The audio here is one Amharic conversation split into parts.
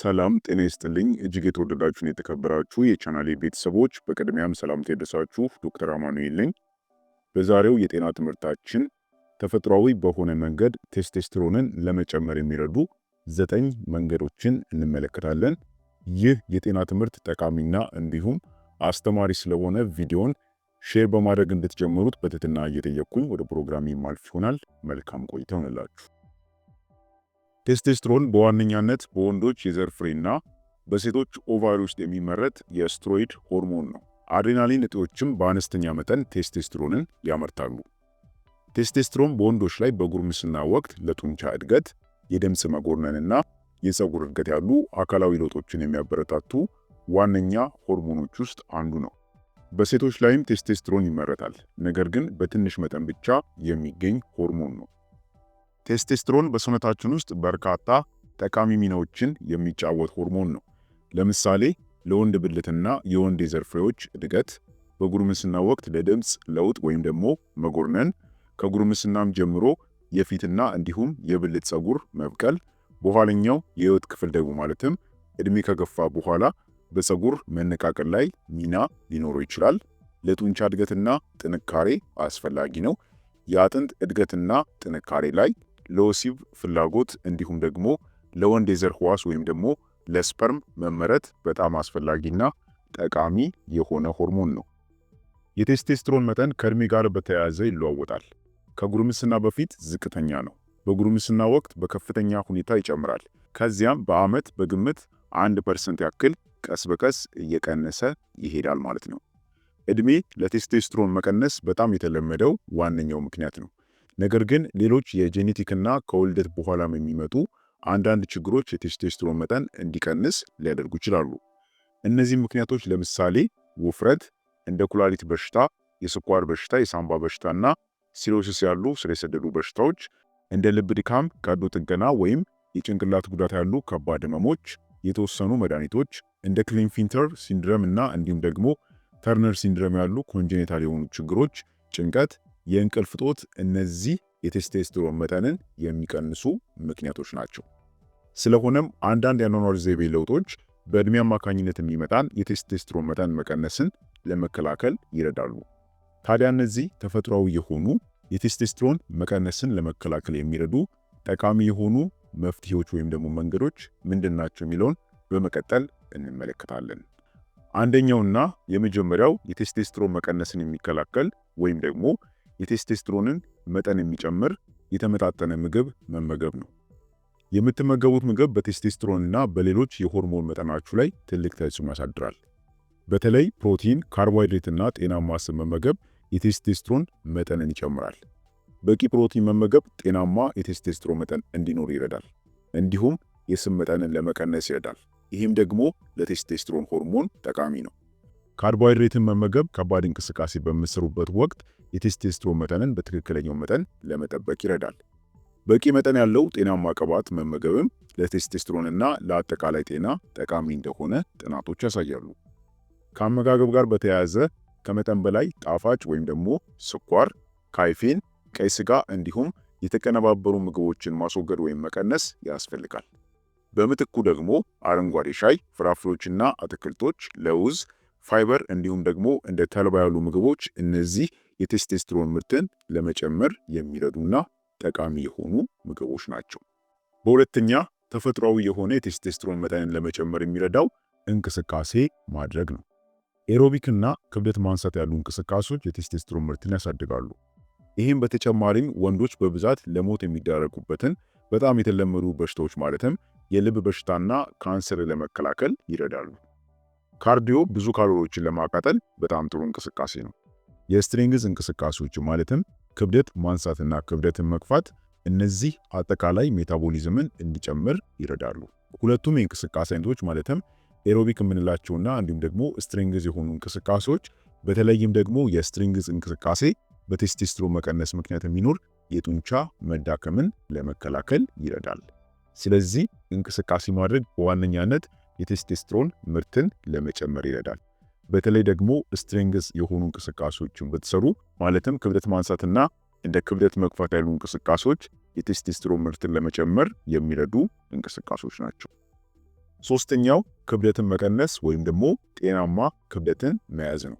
ሰላም ጤና ይስጥልኝ እጅግ የተወደዳችሁን የተከበራችሁ የቻናሌ ቤተሰቦች በቅድሚያም ሰላምታ ይድረሳችሁ። ዶክተር አማኑኤል ነኝ። በዛሬው የጤና ትምህርታችን ተፈጥሯዊ በሆነ መንገድ ቴስቴስትሮንን ለመጨመር የሚረዱ ዘጠኝ መንገዶችን እንመለከታለን። ይህ የጤና ትምህርት ጠቃሚና እንዲሁም አስተማሪ ስለሆነ ቪዲዮን ሼር በማድረግ እንድትጀምሩት በትህትና እየጠየቅኩኝ ወደ ፕሮግራም የማልፍ ይሆናል። መልካም ቆይታ ይሆንላችሁ። ቴስቴስትሮን በዋነኛነት በወንዶች የዘር ፍሬና በሴቶች ኦቫሪ ውስጥ የሚመረት የስትሮይድ ሆርሞን ነው። አድሬናሊን እጢዎችም በአነስተኛ መጠን ቴስቴስትሮንን ያመርታሉ። ቴስቴስትሮን በወንዶች ላይ በጉርምስና ወቅት ለጡንቻ እድገት፣ የድምፅ መጎርነንና የፀጉር እድገት ያሉ አካላዊ ለውጦችን የሚያበረታቱ ዋነኛ ሆርሞኖች ውስጥ አንዱ ነው። በሴቶች ላይም ቴስቴስትሮን ይመረታል፣ ነገር ግን በትንሽ መጠን ብቻ የሚገኝ ሆርሞን ነው። ቴስቴስትሮን በሰውነታችን ውስጥ በርካታ ጠቃሚ ሚናዎችን የሚጫወት ሆርሞን ነው። ለምሳሌ ለወንድ ብልትና የወንድ የዘር ፍሬዎች እድገት፣ በጉርምስና ወቅት ለድምፅ ለውጥ ወይም ደግሞ መጎርነን፣ ከጉርምስናም ጀምሮ የፊትና እንዲሁም የብልት ፀጉር መብቀል፣ በኋለኛው የህይወት ክፍል ደግሞ ማለትም እድሜ ከገፋ በኋላ በፀጉር መነቃቀል ላይ ሚና ሊኖረው ይችላል። ለጡንቻ እድገትና ጥንካሬ አስፈላጊ ነው። የአጥንት እድገትና ጥንካሬ ላይ ለወሲብ ፍላጎት እንዲሁም ደግሞ ለወንድ የዘር ህዋስ ወይም ደግሞ ለስፐርም መመረት በጣም አስፈላጊና ጠቃሚ የሆነ ሆርሞን ነው። የቴስቴስትሮን መጠን ከእድሜ ጋር በተያያዘ ይለዋወጣል። ከጉርምስና በፊት ዝቅተኛ ነው። በጉርምስና ወቅት በከፍተኛ ሁኔታ ይጨምራል። ከዚያም በአመት በግምት አንድ ፐርሰንት ያክል ቀስ በቀስ እየቀነሰ ይሄዳል ማለት ነው። እድሜ ለቴስቴስትሮን መቀነስ በጣም የተለመደው ዋነኛው ምክንያት ነው። ነገር ግን ሌሎች የጄኔቲክና ከውልደት በኋላም የሚመጡ አንዳንድ ችግሮች የቴስቶስትሮን መጠን እንዲቀንስ ሊያደርጉ ይችላሉ። እነዚህ ምክንያቶች ለምሳሌ ውፍረት፣ እንደ ኩላሊት በሽታ፣ የስኳር በሽታ፣ የሳምባ በሽታና ሲሮሲስ ያሉ ስር የሰደዱ በሽታዎች፣ እንደ ልብ ድካም፣ ቀዶ ጥገና ወይም የጭንቅላት ጉዳት ያሉ ከባድ ህመሞች፣ የተወሰኑ መድኃኒቶች እንደ ክሊንፊንተር ሲንድረም እና እንዲሁም ደግሞ ተርነር ሲንድረም ያሉ ኮንጀኔታል የሆኑ ችግሮች፣ ጭንቀት የእንቅልፍ እጦት እነዚህ የቴስቴስትሮን መጠንን የሚቀንሱ ምክንያቶች ናቸው። ስለሆነም አንዳንድ የአኗኗር ዘይቤ ለውጦች በእድሜ አማካኝነት የሚመጣን የቴስቴስትሮን መጠን መቀነስን ለመከላከል ይረዳሉ። ታዲያ እነዚህ ተፈጥሯዊ የሆኑ የቴስቴስትሮን መቀነስን ለመከላከል የሚረዱ ጠቃሚ የሆኑ መፍትሄዎች ወይም ደግሞ መንገዶች ምንድን ናቸው የሚለውን በመቀጠል እንመለከታለን። አንደኛውና የመጀመሪያው የቴስቴስትሮን መቀነስን የሚከላከል ወይም ደግሞ የቴስቴስትሮንን መጠን የሚጨምር የተመጣጠነ ምግብ መመገብ ነው። የምትመገቡት ምግብ በቴስቴስትሮን እና በሌሎች የሆርሞን መጠናችሁ ላይ ትልቅ ተጽዕኖ ያሳድራል። በተለይ ፕሮቲን፣ ካርቦሃይድሬት እና ጤናማ ስብ መመገብ የቴስቴስትሮን መጠንን ይጨምራል። በቂ ፕሮቲን መመገብ ጤናማ የቴስቴስትሮን መጠን እንዲኖር ይረዳል። እንዲሁም የስብ መጠንን ለመቀነስ ይረዳል። ይህም ደግሞ ለቴስቴስትሮን ሆርሞን ጠቃሚ ነው። ካርቦሃይድሬትን መመገብ ከባድ እንቅስቃሴ በምትሰሩበት ወቅት የቴስቴስትሮን መጠንን በትክክለኛው መጠን ለመጠበቅ ይረዳል። በቂ መጠን ያለው ጤናማ ቅባት መመገብም ለቴስቴስትሮንና ለአጠቃላይ ጤና ጠቃሚ እንደሆነ ጥናቶች ያሳያሉ። ከአመጋገብ ጋር በተያያዘ ከመጠን በላይ ጣፋጭ ወይም ደግሞ ስኳር፣ ካይፌን፣ ቀይ ስጋ እንዲሁም የተቀነባበሩ ምግቦችን ማስወገድ ወይም መቀነስ ያስፈልጋል። በምትኩ ደግሞ አረንጓዴ ሻይ፣ ፍራፍሬዎችና አትክልቶች፣ ለውዝ ፋይበር እንዲሁም ደግሞ እንደ ተልባ ያሉ ምግቦች እነዚህ የቴስቴስትሮን ምርትን ለመጨመር የሚረዱና ጠቃሚ የሆኑ ምግቦች ናቸው። በሁለተኛ ተፈጥሯዊ የሆነ የቴስቴስትሮን መጠንን ለመጨመር የሚረዳው እንቅስቃሴ ማድረግ ነው። ኤሮቢክና ክብደት ማንሳት ያሉ እንቅስቃሴዎች የቴስቴስትሮን ምርትን ያሳድጋሉ። ይህም በተጨማሪም ወንዶች በብዛት ለሞት የሚዳረጉበትን በጣም የተለመዱ በሽታዎች ማለትም የልብ በሽታና ካንሰር ለመከላከል ይረዳሉ። ካርዲዮ ብዙ ካሎሪዎችን ለማቃጠል በጣም ጥሩ እንቅስቃሴ ነው። የስትሪንግዝ እንቅስቃሴዎች ማለትም ክብደት ማንሳትና ክብደትን መግፋት፣ እነዚህ አጠቃላይ ሜታቦሊዝምን እንዲጨምር ይረዳሉ። ሁለቱም የእንቅስቃሴ አይነቶች ማለትም ኤሮቢክ የምንላቸውና እንዲሁም ደግሞ ስትሪንግዝ የሆኑ እንቅስቃሴዎች በተለይም ደግሞ የስትሪንግዝ እንቅስቃሴ በቴስቴስትሮን መቀነስ ምክንያት የሚኖር የጡንቻ መዳከምን ለመከላከል ይረዳል። ስለዚህ እንቅስቃሴ ማድረግ በዋነኛነት የቴስቴስትሮን ምርትን ለመጨመር ይረዳል። በተለይ ደግሞ ስትሬንግዝ የሆኑ እንቅስቃሴዎችን ብትሰሩ ማለትም ክብደት ማንሳትና እንደ ክብደት መግፋት ያሉ እንቅስቃሴዎች የቴስቴስትሮን ምርትን ለመጨመር የሚረዱ እንቅስቃሴዎች ናቸው። ሶስተኛው ክብደትን መቀነስ ወይም ደግሞ ጤናማ ክብደትን መያዝ ነው።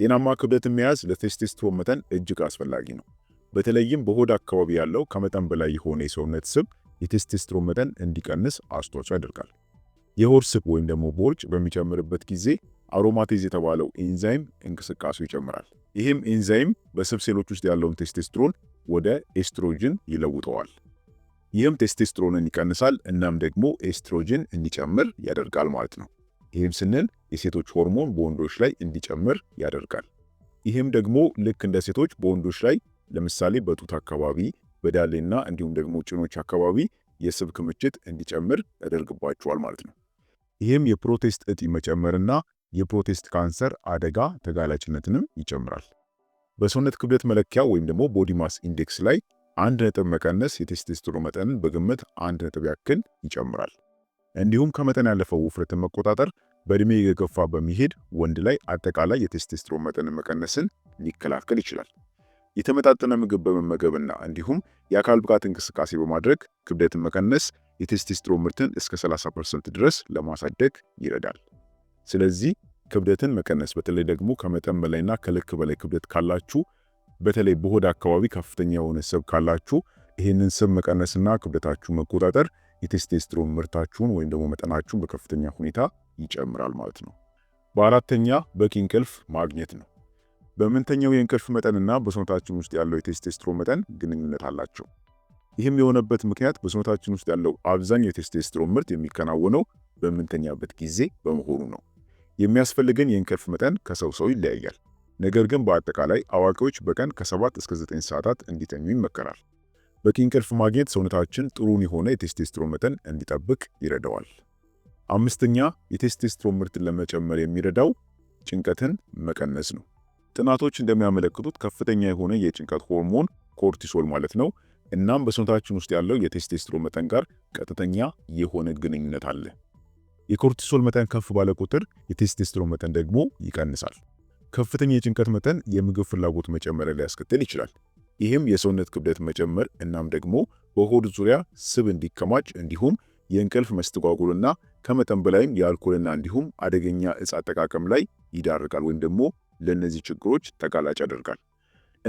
ጤናማ ክብደትን መያዝ ለቴስቴስትሮን መጠን እጅግ አስፈላጊ ነው። በተለይም በሆድ አካባቢ ያለው ከመጠን በላይ የሆነ የሰውነት ስብ የቴስቴስትሮን መጠን እንዲቀንስ አስተዋጽኦ ያደርጋል። የሆድ ስብ ወይም ደግሞ ቦርጭ በሚጨምርበት ጊዜ አሮማቴዝ የተባለው ኤንዛይም እንቅስቃሴው ይጨምራል። ይህም ኤንዛይም በስብ ሴሎች ውስጥ ያለውን ቴስቴስትሮን ወደ ኤስትሮጅን ይለውጠዋል። ይህም ቴስቴስትሮንን ይቀንሳል፣ እናም ደግሞ ኤስትሮጅን እንዲጨምር ያደርጋል ማለት ነው። ይህም ስንል የሴቶች ሆርሞን በወንዶች ላይ እንዲጨምር ያደርጋል። ይህም ደግሞ ልክ እንደ ሴቶች በወንዶች ላይ ለምሳሌ በጡት አካባቢ በዳሌና እንዲሁም ደግሞ ጭኖች አካባቢ የስብ ክምችት እንዲጨምር ያደርግባቸዋል ማለት ነው። ይህም የፕሮቴስት እጢ መጨመርና የፕሮቴስት ካንሰር አደጋ ተጋላጭነትንም ይጨምራል። በሰውነት ክብደት መለኪያ ወይም ደግሞ ቦዲ ማስ ኢንዴክስ ላይ አንድ ነጥብ መቀነስ የቴስቴስትሮ መጠንን በግምት አንድ ነጥብ ያክል ይጨምራል። እንዲሁም ከመጠን ያለፈው ውፍረትን መቆጣጠር በእድሜ የገፋ በሚሄድ ወንድ ላይ አጠቃላይ የቴስቴስትሮ መጠንን መቀነስን ሊከላከል ይችላል። የተመጣጠነ ምግብ በመመገብና እንዲሁም የአካል ብቃት እንቅስቃሴ በማድረግ ክብደትን መቀነስ የቴስቴስትሮን ምርትን እስከ 30 ፐርሰንት ድረስ ለማሳደግ ይረዳል። ስለዚህ ክብደትን መቀነስ በተለይ ደግሞ ከመጠን በላይና ከልክ በላይ ክብደት ካላችሁ፣ በተለይ በሆድ አካባቢ ከፍተኛ የሆነ ስብ ካላችሁ ይህንን ስብ መቀነስና ክብደታችሁ መቆጣጠር የቴስቴስትሮን ምርታችሁን ወይም ደግሞ መጠናችሁን በከፍተኛ ሁኔታ ይጨምራል ማለት ነው። በአራተኛ በቂ እንቅልፍ ማግኘት ነው። በምንተኛው የእንቅልፍ መጠንና በሰውነታችን ውስጥ ያለው የቴስቴስትሮን መጠን ግንኙነት አላቸው። ይህም የሆነበት ምክንያት በሰውነታችን ውስጥ ያለው አብዛኛው የቴስቴስትሮን ምርት የሚከናወነው በምንተኛበት ጊዜ በመሆኑ ነው። የሚያስፈልገን የእንቅልፍ መጠን ከሰው ሰው ይለያያል። ነገር ግን በአጠቃላይ አዋቂዎች በቀን ከሰባት እስከ 9 ሰዓታት እንዲተኙ ይመከራል። በቂ እንቅልፍ ማግኘት ሰውነታችን ጥሩን የሆነ የቴስቴስትሮን መጠን እንዲጠብቅ ይረዳዋል። አምስተኛ የቴስቴስትሮን ምርትን ለመጨመር የሚረዳው ጭንቀትን መቀነስ ነው። ጥናቶች እንደሚያመለክቱት ከፍተኛ የሆነ የጭንቀት ሆርሞን ኮርቲሶል ማለት ነው እናም በሰውነታችን ውስጥ ያለው የቴስቴስትሮን መጠን ጋር ቀጥተኛ የሆነ ግንኙነት አለ። የኮርቲሶል መጠን ከፍ ባለ ቁጥር የቴስቴስትሮን መጠን ደግሞ ይቀንሳል። ከፍተኛ የጭንቀት መጠን የምግብ ፍላጎት መጨመር ሊያስከትል ይችላል። ይህም የሰውነት ክብደት መጨመር እናም ደግሞ በሆድ ዙሪያ ስብ እንዲከማች እንዲሁም የእንቅልፍ መስተጓጎልና ከመጠን በላይም የአልኮልና እንዲሁም አደገኛ እጽ አጠቃቀም ላይ ይዳርጋል ወይም ደግሞ ለእነዚህ ችግሮች ተጋላጭ ያደርጋል።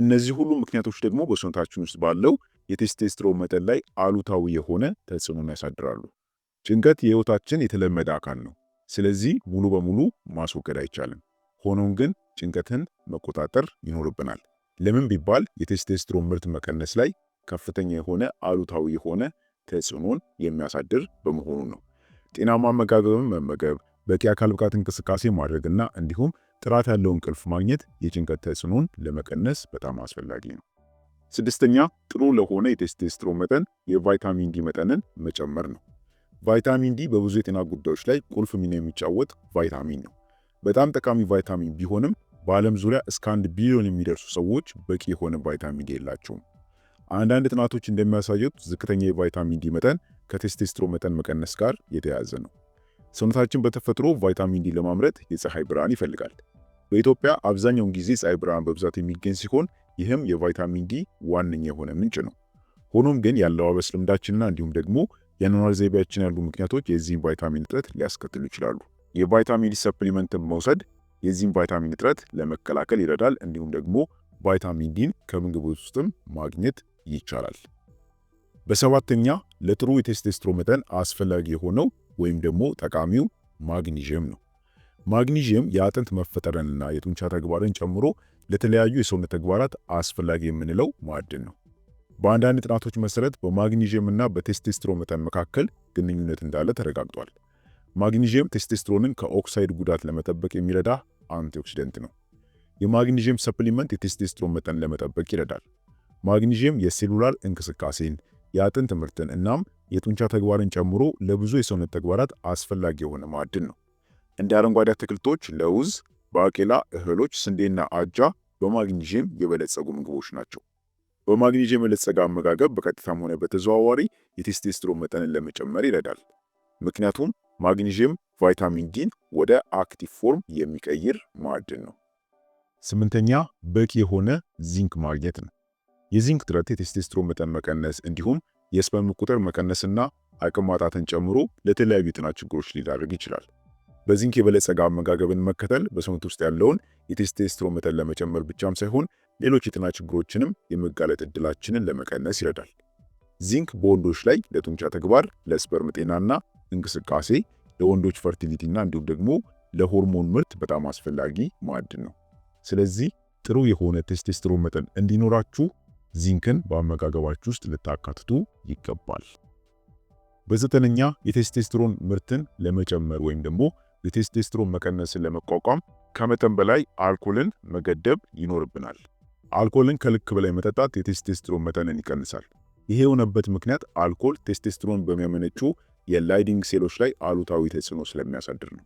እነዚህ ሁሉ ምክንያቶች ደግሞ በሰውነታችን ውስጥ ባለው የቴስቴስትሮን መጠን ላይ አሉታዊ የሆነ ተጽዕኖን ያሳድራሉ። ጭንቀት የህይወታችን የተለመደ አካል ነው። ስለዚህ ሙሉ በሙሉ ማስወገድ አይቻልም። ሆኖም ግን ጭንቀትን መቆጣጠር ይኖርብናል። ለምን ቢባል የቴስቴስትሮን ምርት መቀነስ ላይ ከፍተኛ የሆነ አሉታዊ የሆነ ተጽዕኖን የሚያሳድር በመሆኑ ነው። ጤናማ አመጋገብን መመገብ፣ በቂ አካል ብቃት እንቅስቃሴ ማድረግና እንዲሁም ጥራት ያለው እንቅልፍ ማግኘት የጭንቀት ተጽዕኖን ለመቀነስ በጣም አስፈላጊ ነው። ስድስተኛ ጥሩ ለሆነ የቴስቴስትሮን መጠን የቫይታሚን ዲ መጠንን መጨመር ነው። ቫይታሚን ዲ በብዙ የጤና ጉዳዮች ላይ ቁልፍ ሚና የሚጫወት ቫይታሚን ነው። በጣም ጠቃሚ ቫይታሚን ቢሆንም በዓለም ዙሪያ እስከ አንድ ቢሊዮን የሚደርሱ ሰዎች በቂ የሆነ ቫይታሚን ዲ የላቸውም። አንዳንድ ጥናቶች እንደሚያሳዩት ዝቅተኛ የቫይታሚን ዲ መጠን ከቴስቴስትሮን መጠን መቀነስ ጋር የተያያዘ ነው። ሰውነታችን በተፈጥሮ ቫይታሚን ዲ ለማምረት የፀሐይ ብርሃን ይፈልጋል። በኢትዮጵያ አብዛኛውን ጊዜ ፀሐይ ብርሃን በብዛት የሚገኝ ሲሆን ይህም የቫይታሚን ዲ ዋነኛ የሆነ ምንጭ ነው። ሆኖም ግን የአለባበስ ልምዳችንና እንዲሁም ደግሞ የአኗኗር ዘይቤያችን ያሉ ምክንያቶች የዚህን ቫይታሚን እጥረት ሊያስከትሉ ይችላሉ። የቫይታሚን ዲ ሰፕሊመንትን መውሰድ የዚህን ቫይታሚን እጥረት ለመከላከል ይረዳል። እንዲሁም ደግሞ ቫይታሚን ዲን ከምግቦች ውስጥም ማግኘት ይቻላል። በሰባተኛ ለጥሩ የቴስቴስትሮ መጠን አስፈላጊ የሆነው ወይም ደግሞ ጠቃሚው ማግኒዥየም ነው። ማግኒዥየም የአጥንት መፈጠርንና የጡንቻ ተግባርን ጨምሮ ለተለያዩ የሰውነት ተግባራት አስፈላጊ የምንለው ማዕድን ነው። በአንዳንድ ጥናቶች መሰረት በማግኒዥየም እና በቴስቴስትሮ መጠን መካከል ግንኙነት እንዳለ ተረጋግጧል። ማግኒዥየም ቴስቴስትሮንን ከኦክሳይድ ጉዳት ለመጠበቅ የሚረዳ አንቲኦክሲደንት ነው። የማግኒዥየም ሰፕሊመንት የቴስቴስትሮን መጠን ለመጠበቅ ይረዳል። ማግኒዥየም የሴሉላር እንቅስቃሴን፣ የአጥንት ምርትን እናም የጡንቻ ተግባርን ጨምሮ ለብዙ የሰውነት ተግባራት አስፈላጊ የሆነ ማዕድን ነው። እንደ አረንጓዴ አትክልቶች፣ ለውዝ ባቄላ እህሎች፣ ስንዴና አጃ በማግኒዥየም የበለጸጉ ምግቦች ናቸው። በማግኒዥየም የበለጸገ አመጋገብ በቀጥታም ሆነ በተዘዋዋሪ የቴስቴስትሮን መጠንን ለመጨመር ይረዳል። ምክንያቱም ማግኒዥየም ቫይታሚን ዲን ወደ አክቲቭ ፎርም የሚቀይር ማዕድን ነው። ስምንተኛ በቂ የሆነ ዚንክ ማግኘት ነው። የዚንክ እጥረት የቴስቴስትሮን መጠን መቀነስ እንዲሁም የስፐርም ቁጥር መቀነስና አቅም ማጣትን ጨምሮ ለተለያዩ የጤና ችግሮች ሊዳርግ ይችላል። በዚንክ የበለጸገ አመጋገብን መከተል በሰውነት ውስጥ ያለውን የቴስቴስትሮን መጠን ለመጨመር ብቻም ሳይሆን ሌሎች የጤና ችግሮችንም የመጋለጥ እድላችንን ለመቀነስ ይረዳል። ዚንክ በወንዶች ላይ ለጡንቻ ተግባር፣ ለስፐርም ጤናና እንቅስቃሴ፣ ለወንዶች ፈርቲሊቲና እንዲሁም ደግሞ ለሆርሞን ምርት በጣም አስፈላጊ ማዕድን ነው። ስለዚህ ጥሩ የሆነ ቴስቴስትሮን መጠን እንዲኖራችሁ ዚንክን በአመጋገባችሁ ውስጥ ልታካትቱ ይገባል። በዘጠነኛ የቴስቴስትሮን ምርትን ለመጨመር ወይም ደግሞ የቴስቴስትሮን መቀነስን ለመቋቋም ከመጠን በላይ አልኮልን መገደብ ይኖርብናል። አልኮልን ከልክ በላይ መጠጣት የቴስቴስትሮን መጠንን ይቀንሳል። ይህ የሆነበት ምክንያት አልኮል ቴስቴስትሮን በሚያመነጩ የላይዲንግ ሴሎች ላይ አሉታዊ ተጽዕኖ ስለሚያሳድር ነው።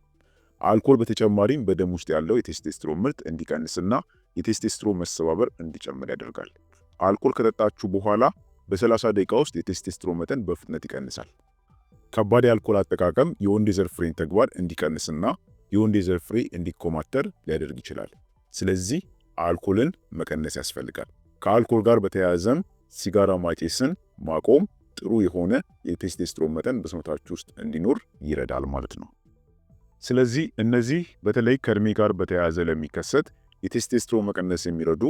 አልኮል በተጨማሪም በደም ውስጥ ያለው የቴስቴስትሮን ምርት እንዲቀንስና የቴስቴስትሮን መሰባበር እንዲጨምር ያደርጋል። አልኮል ከጠጣችሁ በኋላ በ30 ደቂቃ ውስጥ የቴስቴስትሮን መጠን በፍጥነት ይቀንሳል። ከባድ የአልኮል አጠቃቀም የወንድ የዘር ፍሬን ተግባር እንዲቀንስና የወንድ የዘር ፍሬ እንዲኮማተር ሊያደርግ ይችላል። ስለዚህ አልኮልን መቀነስ ያስፈልጋል። ከአልኮል ጋር በተያያዘም ሲጋራ ማጨስን ማቆም ጥሩ የሆነ የቴስቴስትሮን መጠን በሰውነታችሁ ውስጥ እንዲኖር ይረዳል ማለት ነው። ስለዚህ እነዚህ በተለይ ከእድሜ ጋር በተያያዘ ለሚከሰት የቴስቴስትሮን መቀነስ የሚረዱ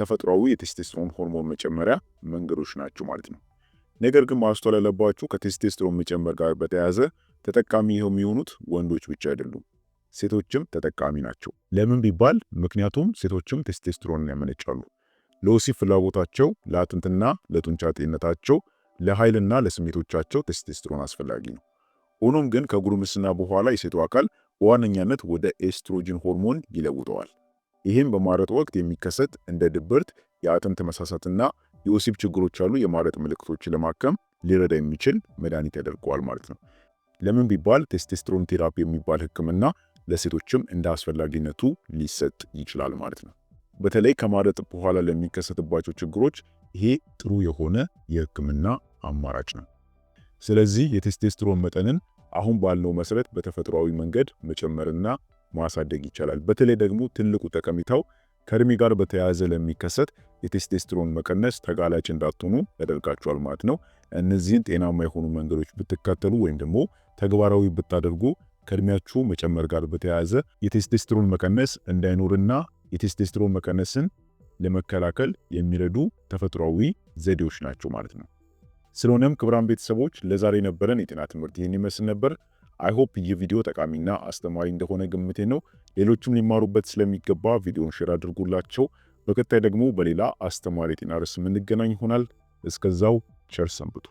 ተፈጥሯዊ የቴስቴስትሮን ሆርሞን መጨመሪያ መንገዶች ናቸው ማለት ነው። ነገር ግን ማስተዋል ያለባችሁ ከቴስቴስትሮን መጨመር ጋር በተያያዘ ተጠቃሚ የሚሆኑት ወንዶች ብቻ አይደሉም፣ ሴቶችም ተጠቃሚ ናቸው። ለምን ቢባል ምክንያቱም ሴቶችም ቴስቴስትሮንን ያመነጫሉ። ለወሲብ ፍላጎታቸው፣ ለአጥንትና ለጡንቻ ጤንነታቸው፣ ለኃይልና ለስሜቶቻቸው ቴስቴስትሮን አስፈላጊ ነው። ሆኖም ግን ከጉርምስና በኋላ የሴቷ አካል በዋነኛነት ወደ ኤስትሮጅን ሆርሞን ይለውጠዋል። ይህም በማረጥ ወቅት የሚከሰት እንደ ድብርት፣ የአጥንት መሳሳትና የወሲብ ችግሮች አሉ የማረጥ ምልክቶችን ለማከም ሊረዳ የሚችል መድኃኒት ያደርገዋል ማለት ነው። ለምን ቢባል ቴስቴስትሮን ቴራፒ የሚባል ህክምና ለሴቶችም እንደ አስፈላጊነቱ ሊሰጥ ይችላል ማለት ነው። በተለይ ከማረጥ በኋላ ለሚከሰትባቸው ችግሮች ይሄ ጥሩ የሆነ የህክምና አማራጭ ነው። ስለዚህ የቴስቴስትሮን መጠንን አሁን ባለው መሰረት በተፈጥሯዊ መንገድ መጨመርና ማሳደግ ይቻላል። በተለይ ደግሞ ትልቁ ጠቀሜታው ከእድሜ ጋር በተያያዘ ለሚከሰት የቴስቴስትሮን መቀነስ ተጋላጭ እንዳትሆኑ ያደርጋችኋል ማለት ነው። እነዚህን ጤናማ የሆኑ መንገዶች ብትከተሉ ወይም ደግሞ ተግባራዊ ብታደርጉ ከእድሜያችሁ መጨመር ጋር በተያያዘ የቴስቴስትሮን መቀነስ እንዳይኖርና የቴስቴስትሮን መቀነስን ለመከላከል የሚረዱ ተፈጥሯዊ ዘዴዎች ናቸው ማለት ነው። ስለሆነም ክቡራን ቤተሰቦች ለዛሬ ነበረን የጤና ትምህርት ይህን ይመስል ነበር። አይሆፕ ይህ ቪዲዮ ጠቃሚና አስተማሪ እንደሆነ ግምቴ ነው። ሌሎችም ሊማሩበት ስለሚገባ ቪዲዮን ሼር አድርጉላቸው። በቀጣይ ደግሞ በሌላ አስተማሪ የጤና ርዕስ የምንገናኝ ይሆናል። እስከዛው ቸር ሰንብቱ።